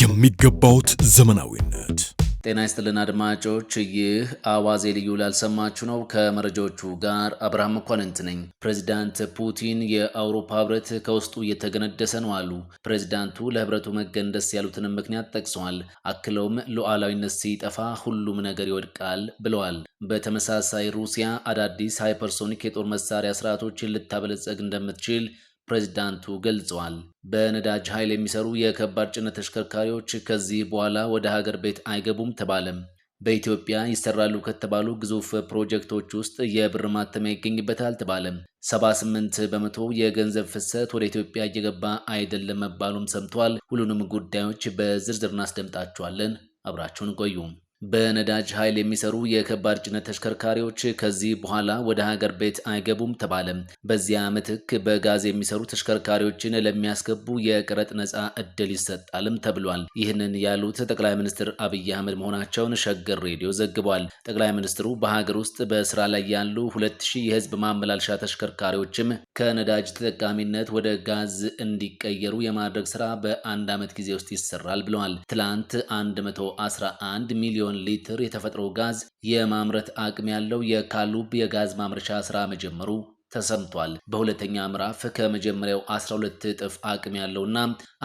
የሚገባውት ዘመናዊነት ጤና ይስጥልን አድማጮች፣ ይህ አዋዜ ልዩ ላልሰማችሁ ነው። ከመረጃዎቹ ጋር አብርሃም መኳንንት ነኝ። ፕሬዚዳንት ፑቲን የአውሮፓ ህብረት ከውስጡ እየተገነደሰ ነው አሉ። ፕሬዚዳንቱ ለህብረቱ መገንደስ ያሉትንም ምክንያት ጠቅሰዋል። አክለውም ሉዓላዊነት ሲጠፋ ሁሉም ነገር ይወድቃል ብለዋል። በተመሳሳይ ሩሲያ አዳዲስ ሃይፐርሶኒክ የጦር መሳሪያ ስርዓቶችን ልታበለጸግ እንደምትችል ፕሬዚዳንቱ ገልጸዋል። በነዳጅ ኃይል የሚሰሩ የከባድ ጭነት ተሽከርካሪዎች ከዚህ በኋላ ወደ ሀገር ቤት አይገቡም ተባለም። በኢትዮጵያ ይሰራሉ ከተባሉ ግዙፍ ፕሮጀክቶች ውስጥ የብር ማተሚያ ይገኝበታል ተባለም። 78 በመቶ የገንዘብ ፍሰት ወደ ኢትዮጵያ እየገባ አይደለም መባሉም ሰምቷል። ሁሉንም ጉዳዮች በዝርዝር እናስደምጣችኋለን። አብራችሁን ቆዩም። በነዳጅ ኃይል የሚሰሩ የከባድ ጭነት ተሽከርካሪዎች ከዚህ በኋላ ወደ ሀገር ቤት አይገቡም ተባለ። በዚያ ምትክ በጋዝ የሚሰሩ ተሽከርካሪዎችን ለሚያስገቡ የቅረጥ ነፃ እድል ይሰጣልም ተብሏል። ይህንን ያሉት ጠቅላይ ሚኒስትር አብይ አህመድ መሆናቸውን ሸገር ሬዲዮ ዘግቧል። ጠቅላይ ሚኒስትሩ በሀገር ውስጥ በስራ ላይ ያሉ ሁለት ሺህ የህዝብ ማመላለሻ ተሽከርካሪዎችም ከነዳጅ ተጠቃሚነት ወደ ጋዝ እንዲቀየሩ የማድረግ ስራ በአንድ ዓመት ጊዜ ውስጥ ይሰራል ብለዋል። ትላንት 111 ሚሊዮን ሚሊዮን ሊትር የተፈጥሮ ጋዝ የማምረት አቅም ያለው የካሉብ የጋዝ ማምረቻ ስራ መጀመሩ ተሰምቷል። በሁለተኛ ምዕራፍ ከመጀመሪያው 12 እጥፍ አቅም ያለውና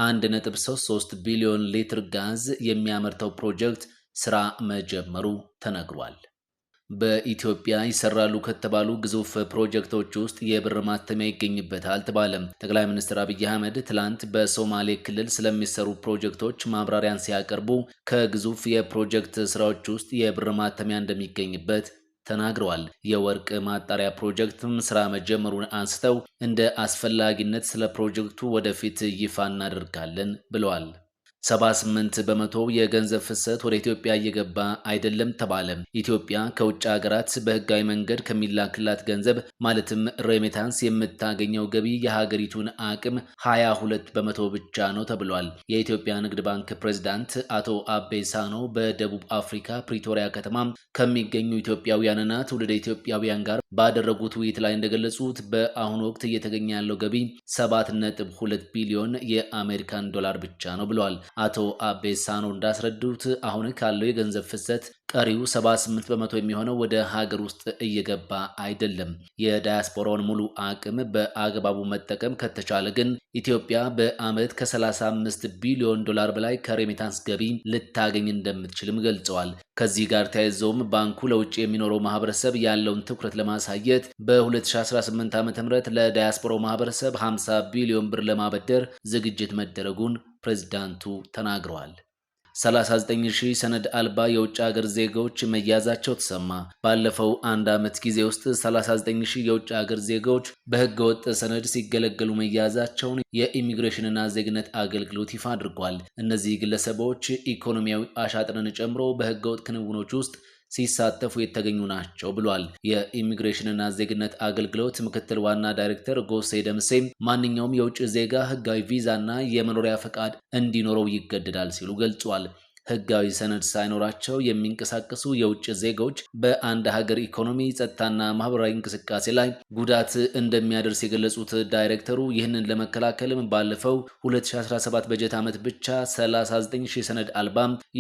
1.33 ቢሊዮን ሊትር ጋዝ የሚያመርተው ፕሮጀክት ስራ መጀመሩ ተነግሯል። በኢትዮጵያ ይሰራሉ ከተባሉ ግዙፍ ፕሮጀክቶች ውስጥ የብር ማተሚያ ይገኝበታል ተባለም። ጠቅላይ ሚኒስትር አብይ አህመድ ትላንት በሶማሌ ክልል ስለሚሰሩ ፕሮጀክቶች ማብራሪያን ሲያቀርቡ ከግዙፍ የፕሮጀክት ስራዎች ውስጥ የብር ማተሚያ እንደሚገኝበት ተናግረዋል። የወርቅ ማጣሪያ ፕሮጀክትም ስራ መጀመሩን አንስተው እንደ አስፈላጊነት ስለ ፕሮጀክቱ ወደፊት ይፋ እናደርጋለን ብለዋል። 78 በመቶ የገንዘብ ፍሰት ወደ ኢትዮጵያ እየገባ አይደለም ተባለ። ኢትዮጵያ ከውጭ ሀገራት በህጋዊ መንገድ ከሚላክላት ገንዘብ ማለትም ሬሜታንስ የምታገኘው ገቢ የሀገሪቱን አቅም 22 በመቶ ብቻ ነው ተብሏል። የኢትዮጵያ ንግድ ባንክ ፕሬዝዳንት አቶ አቤ ሳኖ በደቡብ አፍሪካ ፕሪቶሪያ ከተማ ከሚገኙ ኢትዮጵያውያንና ትውልደ ኢትዮጵያውያን ጋር ባደረጉት ውይይት ላይ እንደገለጹት በአሁኑ ወቅት እየተገኘ ያለው ገቢ 7.2 ቢሊዮን የአሜሪካን ዶላር ብቻ ነው ብለዋል። አቶ አቤሳኖ እንዳስረዱት አሁን ካለው የገንዘብ ፍሰት ቀሪው 78 በመቶ የሚሆነው ወደ ሀገር ውስጥ እየገባ አይደለም። የዳያስፖራውን ሙሉ አቅም በአግባቡ መጠቀም ከተቻለ ግን ኢትዮጵያ በዓመት ከ35 ቢሊዮን ዶላር በላይ ከሬሚታንስ ገቢ ልታገኝ እንደምትችልም ገልጸዋል። ከዚህ ጋር ተያይዘውም ባንኩ ለውጭ የሚኖረው ማህበረሰብ ያለውን ትኩረት ለማሳየት በ2018 ዓ ም ለዳያስፖራው ማህበረሰብ 50 ቢሊዮን ብር ለማበደር ዝግጅት መደረጉን ፕሬዝዳንቱ ተናግረዋል። 39 ሺህ ሰነድ አልባ የውጭ ሀገር ዜጋዎች መያዛቸው ተሰማ። ባለፈው አንድ ዓመት ጊዜ ውስጥ 39 ሺህ የውጭ ሀገር ዜጋዎች በህገወጥ ሰነድ ሲገለገሉ መያዛቸውን የኢሚግሬሽንና ዜግነት አገልግሎት ይፋ አድርጓል። እነዚህ ግለሰቦች ኢኮኖሚያዊ አሻጥርን ጨምሮ በህገወጥ ክንውኖች ውስጥ ሲሳተፉ የተገኙ ናቸው ብሏል። የኢሚግሬሽንና ዜግነት አገልግሎት ምክትል ዋና ዳይሬክተር ጎሴ ደምሴ ማንኛውም የውጭ ዜጋ ህጋዊ ቪዛና የመኖሪያ ፈቃድ እንዲኖረው ይገደዳል ሲሉ ገልጿል። ህጋዊ ሰነድ ሳይኖራቸው የሚንቀሳቀሱ የውጭ ዜጎች በአንድ ሀገር ኢኮኖሚ፣ ጸጥታና ማህበራዊ እንቅስቃሴ ላይ ጉዳት እንደሚያደርስ የገለጹት ዳይሬክተሩ ይህንን ለመከላከልም ባለፈው 2017 በጀት ዓመት ብቻ 39 ሺህ ሰነድ አልባ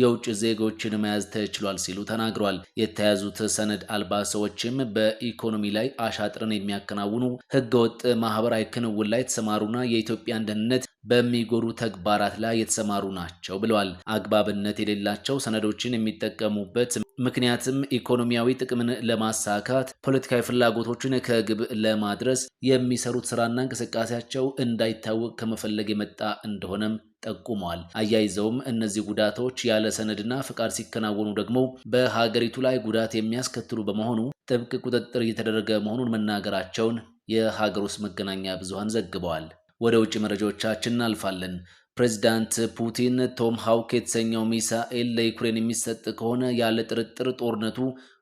የውጭ ዜጎችን መያዝ ተችሏል ሲሉ ተናግሯል። የተያዙት ሰነድ አልባ ሰዎችም በኢኮኖሚ ላይ አሻጥርን የሚያከናውኑ ህገወጥ ማህበራዊ ክንውን ላይ የተሰማሩና የኢትዮጵያን ደህንነት በሚጎሩ ተግባራት ላይ የተሰማሩ ናቸው ብለዋል። አግባብነት የሌላቸው ሰነዶችን የሚጠቀሙበት ምክንያትም ኢኮኖሚያዊ ጥቅምን ለማሳካት ፖለቲካዊ ፍላጎቶችን ከግብ ለማድረስ የሚሰሩት ስራና እንቅስቃሴያቸው እንዳይታወቅ ከመፈለግ የመጣ እንደሆነም ጠቁመዋል። አያይዘውም እነዚህ ጉዳቶች ያለ ሰነድና ፍቃድ ሲከናወኑ ደግሞ በሀገሪቱ ላይ ጉዳት የሚያስከትሉ በመሆኑ ጥብቅ ቁጥጥር እየተደረገ መሆኑን መናገራቸውን የሀገር ውስጥ መገናኛ ብዙሃን ዘግበዋል። ወደ ውጭ መረጃዎቻችን እናልፋለን። ፕሬዚዳንት ፑቲን ቶም ሃውክ የተሰኘው ሚሳኤል ለዩክሬን የሚሰጥ ከሆነ ያለ ጥርጥር ጦርነቱ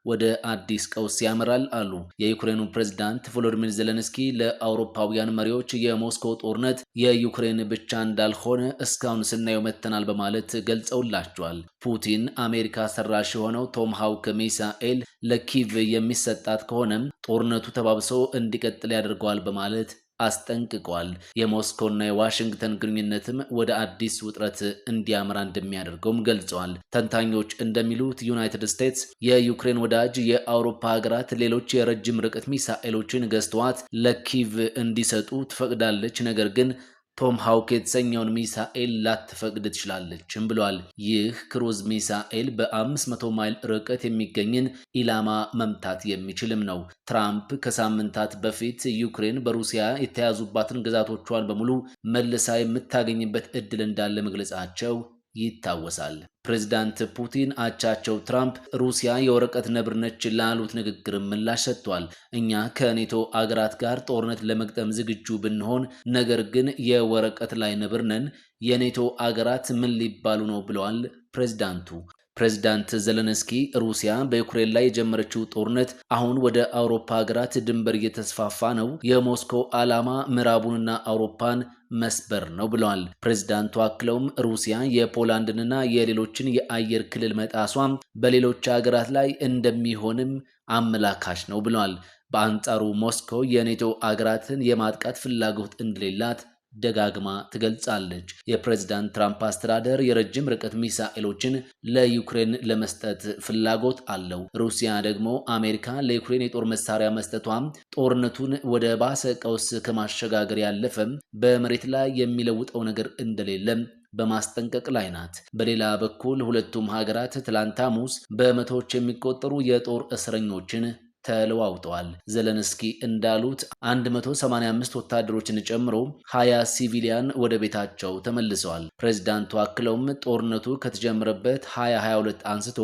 ወደ አዲስ ቀውስ ያመራል አሉ። የዩክሬኑ ፕሬዝዳንት ቮሎዲሚር ዜሌንስኪ ለአውሮፓውያን መሪዎች የሞስኮ ጦርነት የዩክሬን ብቻ እንዳልሆነ እስካሁን ስናየው መተናል በማለት ገልጸውላቸዋል። ፑቲን አሜሪካ ሰራሽ የሆነው ቶም ሃውክ ሚሳኤል ለኪቭ የሚሰጣት ከሆነም ጦርነቱ ተባብሶ እንዲቀጥል ያደርገዋል በማለት አስጠንቅቋል። የሞስኮና የዋሽንግተን ግንኙነትም ወደ አዲስ ውጥረት እንዲያመራ እንደሚያደርገውም ገልጸዋል። ተንታኞች እንደሚሉት ዩናይትድ ስቴትስ የዩክሬን ወዳጅ የአውሮፓ ሀገራት ሌሎች የረጅም ርቀት ሚሳኤሎችን ገዝተዋት ለኪቭ እንዲሰጡ ትፈቅዳለች። ነገር ግን ቶም ሃውክ የተሰኘውን ሚሳኤል ላትፈቅድ ትችላለችም ብሏል። ይህ ክሩዝ ሚሳኤል በ500 ማይል ርቀት የሚገኝን ኢላማ መምታት የሚችልም ነው። ትራምፕ ከሳምንታት በፊት ዩክሬን በሩሲያ የተያዙባትን ግዛቶቿን በሙሉ መልሳ የምታገኝበት እድል እንዳለ መግለጻቸው ይታወሳል። ፕሬዚዳንት ፑቲን አቻቸው ትራምፕ ሩሲያ የወረቀት ነብር ነች ላሉት ንግግር ምላሽ ሰጥቷል። እኛ ከኔቶ አገራት ጋር ጦርነት ለመግጠም ዝግጁ ብንሆን፣ ነገር ግን የወረቀት ላይ ነብር ነን፣ የኔቶ አገራት ምን ሊባሉ ነው ብለዋል ፕሬዚዳንቱ። ፕሬዚዳንት ዘለንስኪ ሩሲያ በዩክሬን ላይ የጀመረችው ጦርነት አሁን ወደ አውሮፓ ሀገራት ድንበር እየተስፋፋ ነው፣ የሞስኮ ዓላማ ምዕራቡንና አውሮፓን መስበር ነው ብለዋል። ፕሬዚዳንቱ አክለውም ሩሲያ የፖላንድንና የሌሎችን የአየር ክልል መጣሷም በሌሎች ሀገራት ላይ እንደሚሆንም አመላካች ነው ብለዋል። በአንጻሩ ሞስኮ የኔቶ አገራትን የማጥቃት ፍላጎት እንደሌላት ደጋግማ ትገልጻለች። የፕሬዝዳንት ትራምፕ አስተዳደር የረጅም ርቀት ሚሳኤሎችን ለዩክሬን ለመስጠት ፍላጎት አለው። ሩሲያ ደግሞ አሜሪካ ለዩክሬን የጦር መሳሪያ መስጠቷም ጦርነቱን ወደ ባሰ ቀውስ ከማሸጋገር ያለፈ በመሬት ላይ የሚለውጠው ነገር እንደሌለም በማስጠንቀቅ ላይ ናት። በሌላ በኩል ሁለቱም ሀገራት ትላንት ሐሙስ በመቶዎች የሚቆጠሩ የጦር እስረኞችን ተለዋውጠዋል። ዘለንስኪ እንዳሉት 185 ወታደሮችን ጨምሮ 20 ሲቪሊያን ወደ ቤታቸው ተመልሰዋል። ፕሬዚዳንቱ አክለውም ጦርነቱ ከተጀመረበት 2022 አንስቶ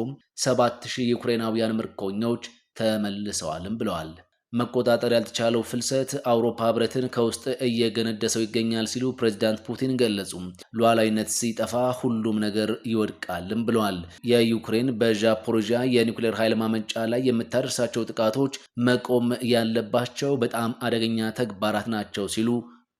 7000 ዩክሬናውያን ምርኮኞች ተመልሰዋልም ብለዋል። መቆጣጠር ያልተቻለው ፍልሰት አውሮፓ ህብረትን ከውስጥ እየገነደሰው ይገኛል ሲሉ ፕሬዚዳንት ፑቲን ገለጹ። ሉዓላዊነት ሲጠፋ ሁሉም ነገር ይወድቃልም ብለዋል። የዩክሬን በዣፖሮዣ የኒውክሌር ኃይል ማመንጫ ላይ የምታደርሳቸው ጥቃቶች መቆም ያለባቸው በጣም አደገኛ ተግባራት ናቸው ሲሉ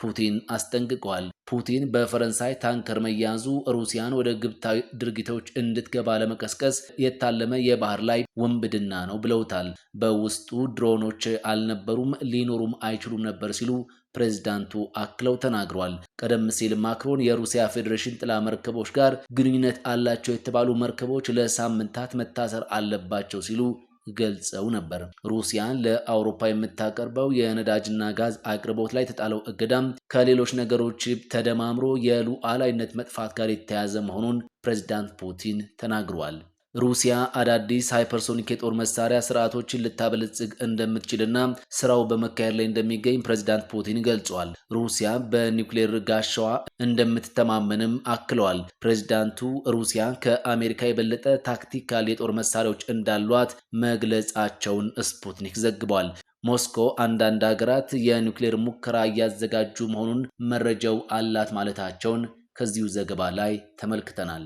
ፑቲን አስጠንቅቀዋል። ፑቲን በፈረንሳይ ታንከር መያዙ ሩሲያን ወደ ግብታዊ ድርጊቶች እንድትገባ ለመቀስቀስ የታለመ የባህር ላይ ውንብድና ነው ብለውታል። በውስጡ ድሮኖች አልነበሩም፣ ሊኖሩም አይችሉም ነበር ሲሉ ፕሬዚዳንቱ አክለው ተናግሯል። ቀደም ሲል ማክሮን የሩሲያ ፌዴሬሽን ጥላ መርከቦች ጋር ግንኙነት አላቸው የተባሉ መርከቦች ለሳምንታት መታሰር አለባቸው ሲሉ ገልጸው ነበር። ሩሲያን ለአውሮፓ የምታቀርበው የነዳጅና ጋዝ አቅርቦት ላይ የተጣለው እገዳም ከሌሎች ነገሮች ተደማምሮ የሉዓላዊነት መጥፋት ጋር የተያያዘ መሆኑን ፕሬዚዳንት ፑቲን ተናግረዋል። ሩሲያ አዳዲስ ሃይፐርሶኒክ የጦር መሳሪያ ስርዓቶችን ልታበለጽግ እንደምትችልና ስራው በመካሄድ ላይ እንደሚገኝ ፕሬዚዳንት ፑቲን ገልጿል። ሩሲያ በኒውክሌር ጋሻዋ እንደምትተማመንም አክለዋል። ፕሬዚዳንቱ ሩሲያ ከአሜሪካ የበለጠ ታክቲካል የጦር መሳሪያዎች እንዳሏት መግለጻቸውን ስፑትኒክ ዘግቧል። ሞስኮ አንዳንድ ሀገራት የኒውክሌር ሙከራ እያዘጋጁ መሆኑን መረጃው አላት ማለታቸውን ከዚሁ ዘገባ ላይ ተመልክተናል።